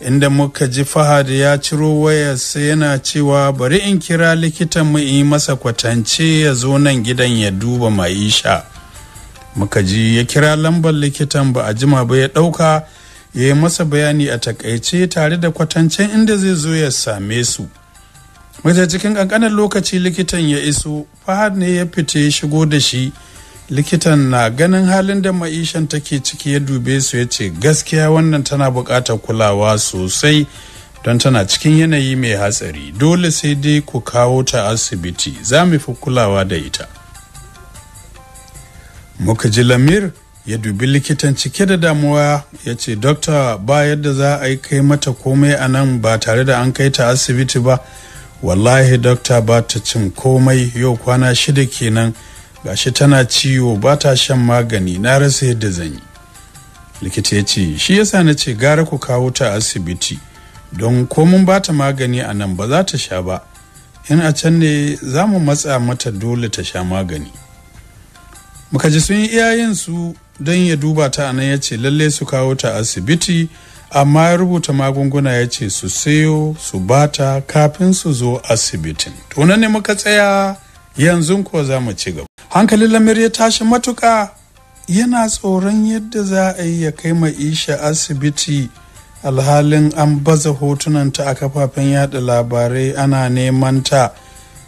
inda muka ji fahad ya ciro sai yana cewa bari in kira likitan mu yi masa kwatance ya zo nan gidan ya duba maisha muka ji ya kira lambar likitan ba a jima ba ya ɗauka ya yi masa bayani a takaice tare da kwatancen inda zai zo ya same su mace cikin kankanin lokaci likitan ya iso fahad ne ya fita ya shigo da shi likitan na ganin halin da ma'ishan take ciki ya dube su ya ce gaskiya wannan tana buƙatar kulawa sosai don tana cikin yanayi mai hatsari dole sai dai ku kawo ta asibiti za mu fi kulawa da ita muka ji lamir ya dubi likitan cike da damuwa ya ce dokta ba yadda za a yi kai mata komai a nan ba tare da an kai ta asibiti ba wallahi dokta ba ta cin komai yau kwana shida kenan gashi tana ciwo ba ta shan magani na rasa yadda zan yi likita ya ce shi yasa na ce gara ku kawo ta asibiti don komun ba ta magani a nan ba za ta sha ba in a can ne za mu matsa mata dole ta sha magani muka ji sun yi su don ya duba ta a nan ya ce lalle su kawo ta asibiti amma ya rubuta magunguna ya ce su sayo su bata kafin su zo asibitin to ne muka tsaya yanzu ko za mu ci gaba hankalin lamir ya tashi matuka yana tsoron yadda za a yi ya kai isha asibiti alhalin an baza hotunanta a kafafen yada labarai ana neman ta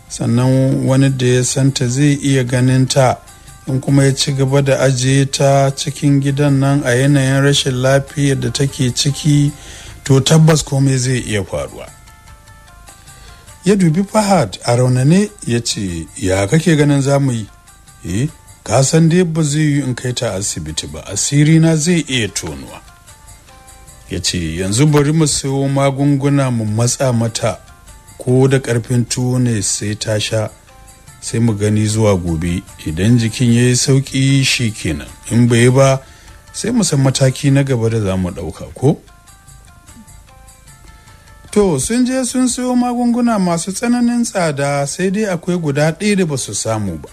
sannan wani da ya santa zai iya ganin ta in kuma ya ci gaba da ajiye ta cikin gidan nan a yanayin rashin lafiyar da take ciki to tabbas komai zai iya faruwa ya dubi fahad a raunane ya ce ya kake ganin za yi eh ka san dai ba zai yi in kai ta asibiti ba asiri na zai iya tonuwa ya ce yanzu bari mu sayo magunguna mu matsa mata ko da karfin tuwo ne sai ta sha sai mu gani zuwa gobe idan jikin ya yi sauƙi shi kenan in bai ba sai mu san mataki na gaba da za mu ɗauka ko To sun je sun siyo magunguna masu tsananin tsada sai dai akwai guda ɗaya da ba su samu ba.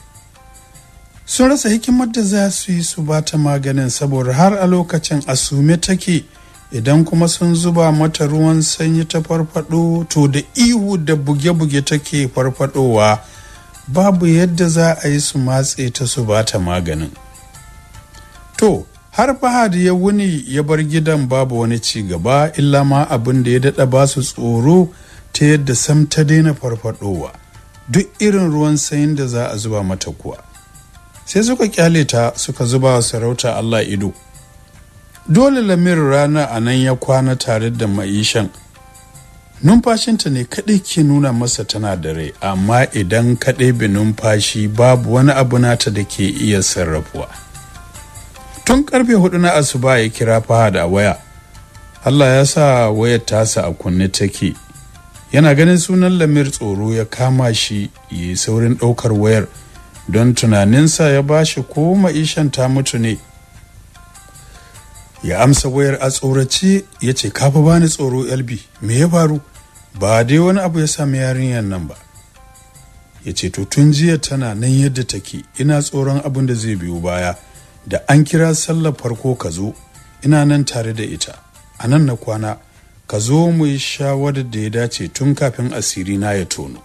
Sun rasa hikimar da za su yi su ba ta maganin saboda har a lokacin asume take idan kuma sun zuba mata ruwan sanyi ta farfado to da ihu da buge-buge take farfadowa babu yadda za a yi su matse ta su ba ta maganin. To, har fahad ya wuni ya bar gidan babu wani ci gaba illa ma abin da ya daɗa ba su tsoro ta yadda sam ta daina farfadowa duk irin ruwan sanyin da za a zuba mata kuwa sai suka kyale ta suka zuba sarauta allah ido dole lamir rana a nan ya kwana tare da ma'ishan numfashinta ne kaɗai ke nuna masa tana da rai amma idan kaɗai bi numfashi babu wani abu nata da ke iya sarrafuwa. tun karfe hudu na asuba ya kira fahad a waya allah ya sa wayar tasa a kunne take yana ganin sunan lamir tsoro ya kama shi ya yi saurin ɗaukar wayar don tunaninsa ya ba shi ko ishan ta mutu ne ya amsa wayar a tsorace ya ce kafa bani tsoro lb me ya faru ba dai wani abu ya sami yarinyar nan ba ya ce to tun jiya tana nan yadda take ina tsoron abin da zai biyo baya da an kira sallar farko ka zo ina nan tare da ita a nan na kwana ka zo mu yi shawarar da ya dace tun kafin asiri na ya tono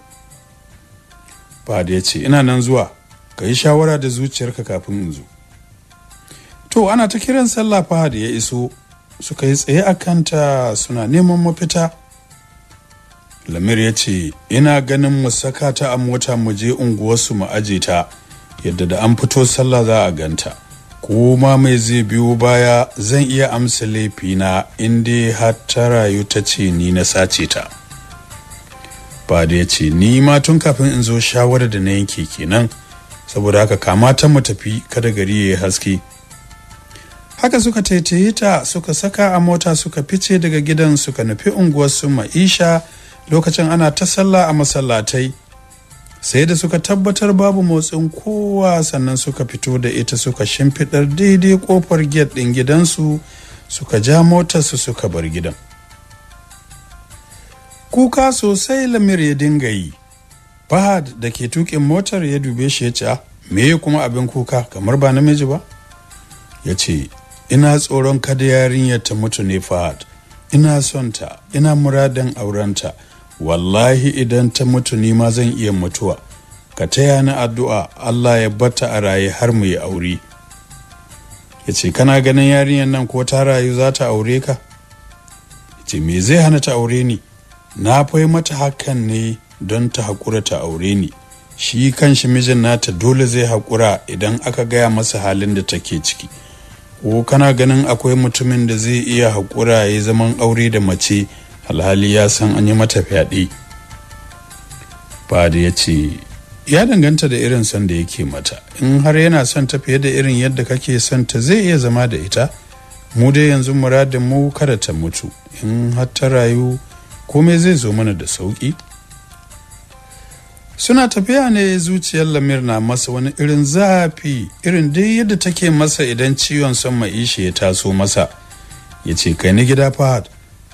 Fada ya ce ina nan zuwa ka yi shawara da zuciyarka kafin in zo to ana ta kiran sallah da ya iso suka yi tsaye a kanta suna neman mafita lamir ya ce ina ganin mu saka ta a mota mu je unguwarsu mu aje ta yadda da an fito sallah za a ganta ma mai zai biyo baya zan iya amsa laifina inda har ta rayu ta ce ni na sace ta Ba da ya ce ni ma tun kafin in zo shawarar da na yanke kenan saboda haka kamata mu tafi kada gari ya yi haske haka suka taitaye ta suka saka a mota suka fice daga gidan suka nufi unguwar su ma'isha lokacin ana ta sallah a masallatai sai da suka tabbatar babu motsin kowa sannan suka fito da ita suka shimfiɗar daidai ƙofar gate ɗin gidansu suka ja motarsu suka bar gidan kuka sosai lamir ya dinga yi fahad da ke tukin motar ya dube shi ya ce ah, me kuma abin kuka kamar ba namiji ba ya ce ina tsoron kada yarinyar ta mutu ne fahad ina son ta ina muradin aurenta wallahi idan ta mutu ni ma zan iya mutuwa ka taya ni addu'a Allah ya bata a raye har mu yi aure ya ce kana ganin yarinyar nan ko ta rayu za ta aure ka ya ce me zai hana ta aure ni na fai mata hakan ne don ta haƙura ta aure ni shi kan shi mijin nata dole zai haƙura idan aka gaya masa halin da take ciki ko kana ganin akwai mutumin da zai iya haƙura ya zaman aure da mace alhali ya san an yi mata fyaɗe fadi ya ce ya danganta da irin son da yake mata in har yana son ta fiye da irin yadda kake son ta zai iya zama da ita mu dai yanzu muradin mu kada ta mutu in har ta rayu komai zai zo mana da sauƙi suna tafiya ne zuciyar lamir na masa wani irin zafi irin dai yadda take masa idan ciwon son ma'ishi ya taso masa ya ce kai ni gida fahad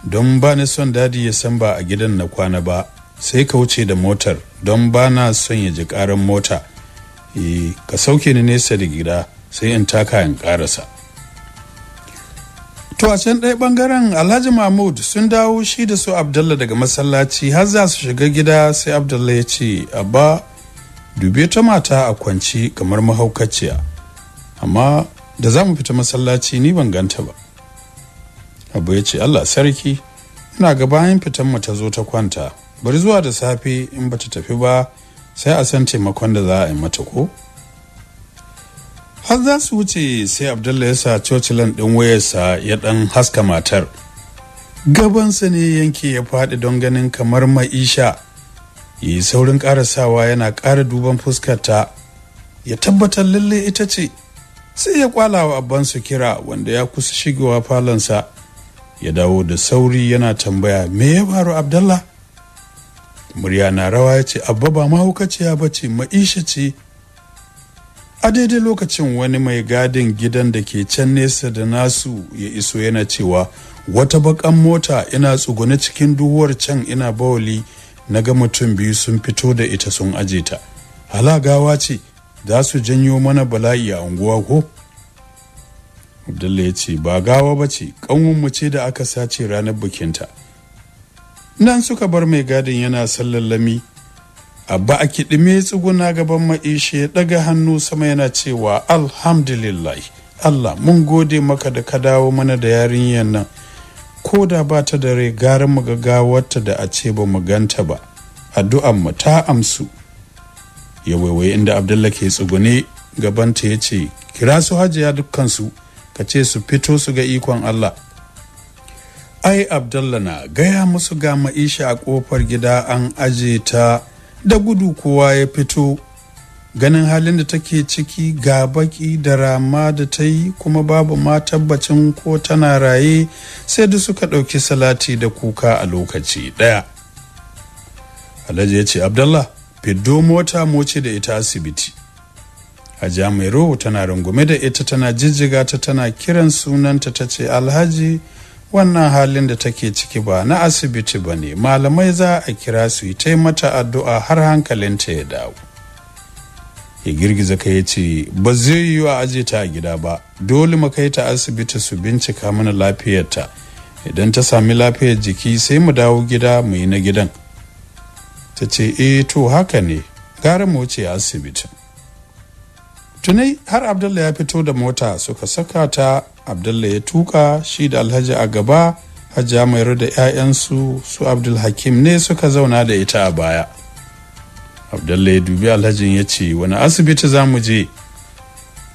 don ba ni son dadi ya san ba a gidan na kwana ba sai ka wuce da motar don ba na son ya ji karan mota e, ka sauke ni nesa da gida sai in taka in karasa to a can ɗaya ɓangaren alhaji mahmud sun dawo shi da su abdalla daga masallaci har za su shiga gida sai abdalla ya ce abba dube ta mata a kwanci kamar mahaukaciya amma da za mu fita masallaci ni ban ganta ba abu ya ce allah sarki ina ga bayan fitan mu ta zo ta kwanta bari zuwa da safe in ba ta tafi ba sai a san taimakon da za a yi mata ko har za su wuce sai abdullahi ya sa cocilan ɗin wayarsa ya ɗan haska matar gabansa ne yanke ya faɗi don ganin kamar ma'isha yi saurin ƙarasawa yana ƙara duban fuskarta ya tabbatar lalle ita ce sai ya kwalawa abban su kira wanda ya kusa shigowa falonsa ya dawo da sauri yana tambaya me ya faru abdallah murya na rawa ya ce abba ba mahaukaciya ba ce ma'isha ce a daidai lokacin wani mai gadin gidan da ke can nesa da nasu ya iso yana cewa wata bakan mota ina tsugune cikin duhuwar can ina bawali na ga mutum biyu sun fito da ita sun aje ta halagawa ce za su janyo mana bala'i a unguwa ko abdulla ya ce ba gawa ba ce mu ce da aka sace ranar ta. nan suka bar mai gadin yana sallallami abba a kiɗime tsuguna gaban ma'ishe ya ɗaga hannu sama yana cewa alhamdulillah allah mun gode maka da ka dawo mana da yarinyar nan ko da ba ta da rai gara mu gagawarta da a ce ba mu ganta ba addu'an mu ta amsu ya waiwaye inda abdullahi ke tsugune gabanta ya ce kira su hajiya dukkansu ka ce su fito su ga ikon Allah ai abdullah na gaya musu ga ma'isha a ƙofar gida an aje ta da gudu kowa ya fito ganin halin da take ciki ga baki da rama da ta yi kuma babu ma tabbacin ko tana raye sai da suka ɗauki salati da kuka a lokaci ɗaya alhaji ya ce abdallah fiddo mota moce da ita asibiti a mai tana rungume da ita tana jijjiga ta tana kiran sunanta ta ce alhaji wannan halin da take ciki ba na asibiti ba ne malamai za a kira su yi ta mata addu'a har hankalinta ya dawo ya girgiza ka ya ce ba zai yi wa aje ta a gida ba dole mu kai ta asibiti su bincika mana lafiyarta idan ta sami lafiyar jiki sai mu dawo gida mu yi na gidan ta ce eh to haka ne gara mu wuce asibitin Tunai, har Abdullahi ya fito da mota suka saka ta Abdullahi ya tuka shi da alhaji a gaba hajja mai da 'ya'yansu su Abdulhakim ne suka zauna da ita a baya Abdullahi ya dubi alhajin ya ce wani asibiti za mu je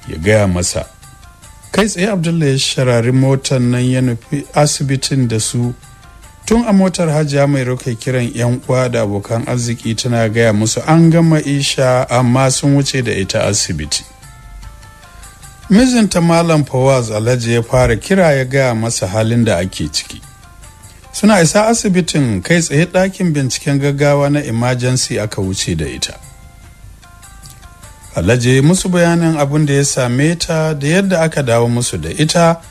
ya gaya masa kai tsaye Abdullahi ya sharari motar nan ya nufi asibitin da su tun a motar hajiya mai roka kiran yan uwa da abokan arziki tana gaya musu an gama isha amma sun wuce da ita asibiti mijinta malam fawaz alhaji ya fara kira ya gaya masa halin da ake ciki suna isa asibitin kai tsaye ɗakin binciken gaggawa na emergency aka wuce da ita alhaji musu bayanin abin da ya same ta da yadda aka dawo musu da ita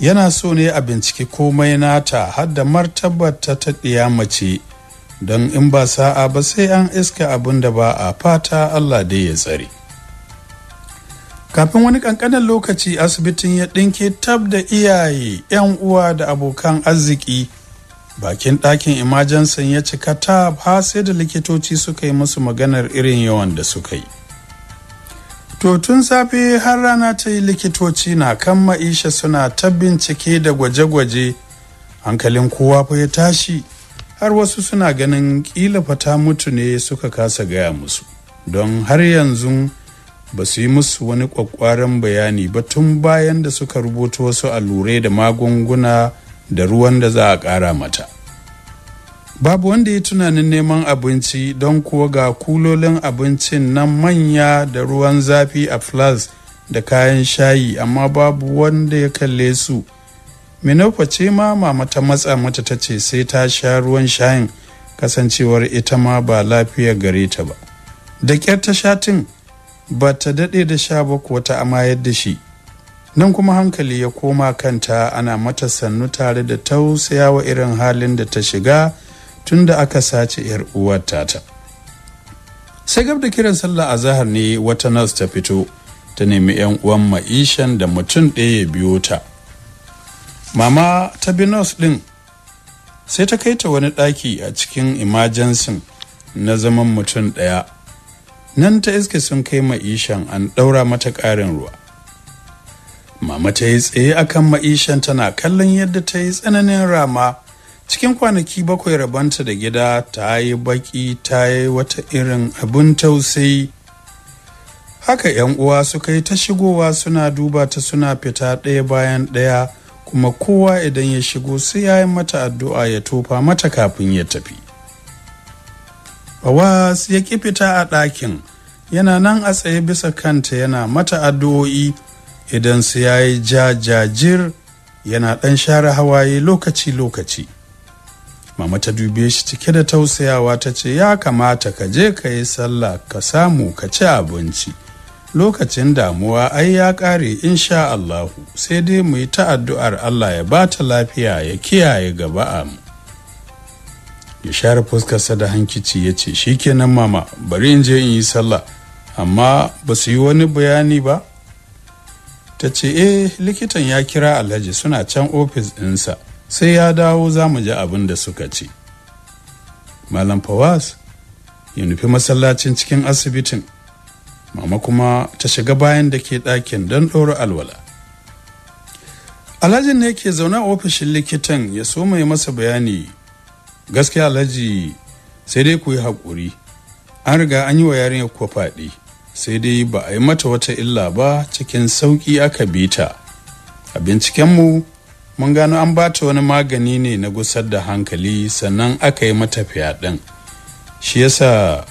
yana so ne a binciki komai nata har da martabar ta ɗiya mace don in ba sa'a ba sai an iska abin da ba a fata allah dai ya tsare kafin wani kankanin lokaci asibitin ya ɗinke tab da iyaye 'yan uwa da abokan arziki bakin ɗakin imajansan ya cika ta ba sai da likitoci suka yi musu maganar irin yawan da suka yi to tun safe har rana ta yi likitoci na kan ma'isha suna ta bincike da gwaje-gwaje hankalin kowa fa ya tashi har wasu suna ganin kila fata mutu ne suka kasa gaya musu don har yanzu ba su yi musu wani kwakwaran bayani ba tun bayan da suka rubuta wasu allurai da magunguna da ruwan da za a ƙara mata babu wanda ya tunanin neman abinci don kuwa ga kulolin abincin na manya da ruwan zafi a flas da kayan shayi amma babu wanda ya kalle su minofa ce ma mama ta matsa mata ta ce sai ta sha ruwan shayin kasancewar ita ma ba lafiya gare ta ba da ƙyar ta sha shatin ba ta daɗe da sha ba ta amayar da shi nan kuma hankali ya koma kanta ana mata sannu tare da tausayawa irin halin da ta shiga tun da aka sace yar uwar tata sai gab da kiran sallah a zahar ne wata nas ta fito ta nemi yan uwan ma'ishan da mutum ɗaya ya biyo ta mama ta bi nas ɗin sai ta kai ta wani ɗaki a cikin imajensin na zaman mutum ɗaya nan ta iske sun kai ma'ishan an ɗaura mata ƙarin ruwa mama ta yi tsaye akan ma'ishan tana kallon yadda ta yi tsananin rama cikin kwanaki bakwai rabanta da gida ta yi baki ta yi wata irin abin tausayi haka 'yan uwa suka yi ta shigowa suna duba ta suna fita ɗaya bayan ɗaya kuma kowa idan ya shigo sai ya yi mata addu'a ya tofa mata kafin ya tafi awas ya ki fita a ɗakin, yana nan a tsaye bisa kanta yana mata addu'o'i idan su ya yi jajajir yana ɗan share hawaye lokaci-lokaci. Mama ta dube shi cike da tausayawa ta ce ya kamata ka je ka yi sallah ka samu ka ci abinci. Lokacin damuwa ai ya ƙare insha Allahu sai dai mu yi ta Allah ya bata lafiya ya kiyaye gaba mu. ya share fuskarsa da hankici ya ce shi shikenan mama bari in je in yi sallah amma ba su yi wani bayani ba ta ce eh likitan ya kira alhaji suna can ofis ɗinsa sai ya dawo za mu ji abin da suka ce malam fawaz ya nufi masallacin cikin asibitin mama kuma ta shiga bayan da ke ɗakin don ɗoro alwala alhajin ne ke zaune ofishin likitan ya so mai masa bayani gaskiya alhaji sai dai ku yi haƙuri an riga an yi wa yarinya kuwa faɗi sai dai ba a yi mata wata illa ba cikin sauƙi aka bi ta a bincikenmu mun gano an ba ta wani magani ne na gusar da hankali sannan aka yi mata fyaɗen shi yasa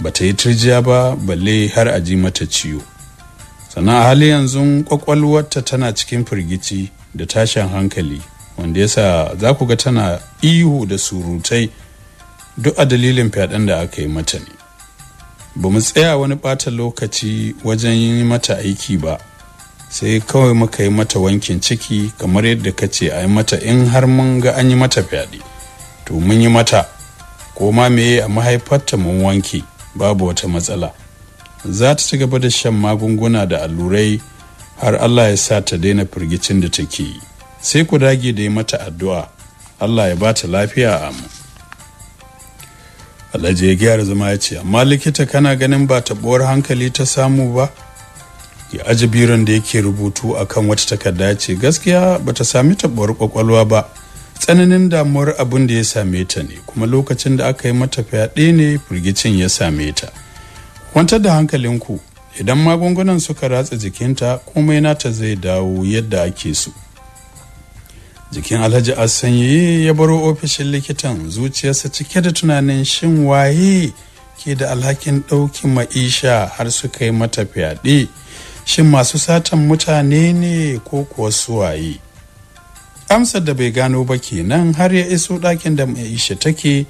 ba ta yi turjiya ba balle har a ji mata ciwo sannan a hali yanzu kwakwalwarta tana cikin firgici da tashin hankali wanda yasa za ku ga tana ihu da surutai duk a dalilin fyaɗen da aka yi mata ne ba mu tsaya wani ɓata lokaci wajen yi mata aiki ba sai kawai muka yi mata wankin ciki kamar yadda ka ce a yi mata in har mun ga an yi mata fyaɗe to mun yi mata ko ma me a mahaifarta mun wanke babu wata matsala za ta ci gaba da shan magunguna da allurai har allah ya sa ta daina firgicin da take yi sai ku dage da yi mata addu'a allah ya bata lafiya a mu alhaji ya gyara zama ya ce amma likita kana ganin ba taɓuwar hankali ta samu ba ya aji biron da yake rubutu akan wata takarda ce gaskiya ba ta sami taɓuwar kwakwalwa ba tsananin damuwar abin da ya same ta ne kuma lokacin da aka yi mata fyaɗe ne firgicin ya same ta kwantar da hankalinku idan magungunan suka ratsa jikinta komai nata zai dawo yadda ake so jikin alhaji asanyi ya baro ofishin likitan zuciyarsa cike da tunanin shin waye ke da alhakin ɗaukin ma'isha har suka yi mata fyaɗe shin masu satan mutane ne ko kuwa suwaye amsar da bai gano ba kenan har ya iso ɗakin da ma'isha take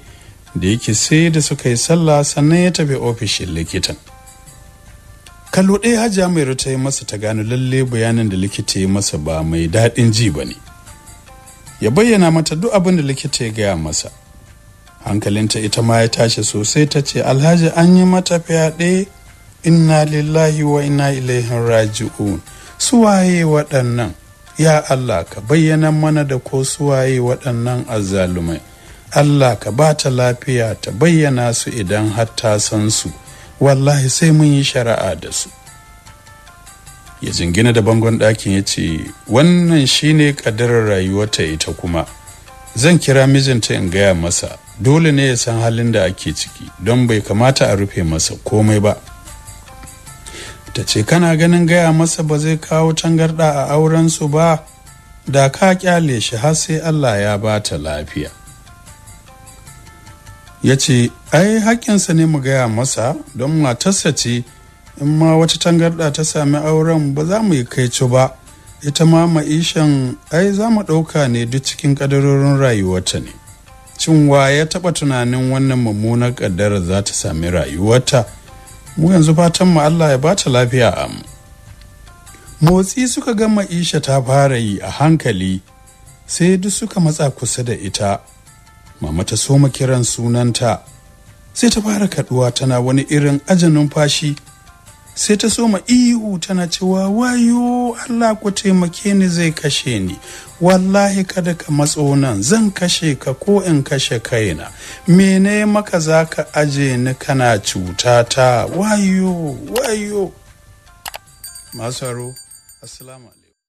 da yake sai da suka yi sallah sannan ya tafi ofishin likitan kallo ɗaya hajiya mai rita masa ta gano lalle bayanin da likita ya masa ba mai daɗin ji ba ne ya bayyana mata duk abin da likita ya gaya masa hankalinta ita ma ya tashi sosai ta ce alhaji an yi mata fyaɗe inna lillahi wa inna ilaihin raji'un waye waɗannan ya allah ka bayyana mana da ko su waye waɗannan azzalumai allah ka ba ta lafiya ta bayyana su idan har ta san su wallahi sai mun yi shari'a da su ya jingina da bangon ɗakin ya ce wannan shine ƙaddarar rayuwarta ita kuma zan kira mijinta in gaya masa dole ne ya san halin da ake ciki don bai kamata a rufe masa komai ba ta ce kana ganin gaya masa ba zai kawo tangarɗa a aurensu ba da ka kyale shi har sai allah ya ba ta lafiya ya ce ai haƙƙinsa ne mu gaya masa don matarsa ce in ma wata tangarɗa ta sami auren ba za mu yi ci ba ita ma ma'ishan ai za mu ɗauka ne duk cikin ƙadarorin rayuwarta ne cin wa ya taɓa tunanin wannan mummunar ƙaddara za ta sami rayuwarta mu yanzu fatan mu Allah ya bata lafiya a mu motsi suka ga ma'isha ta fara yi a hankali sai duk suka matsa kusa da ita mama ta soma kiran sunanta sai ta fara kaduwa tana wani irin ajin numfashi sai ta soma ihu tana cewa wayo Allah ku taimake ni zai kashe ni wallahi kada ka matso nan zan kashe ka ko in kashe kaina mene maka za ka aje ni kana cuta ta wayo wayo masaro assalamu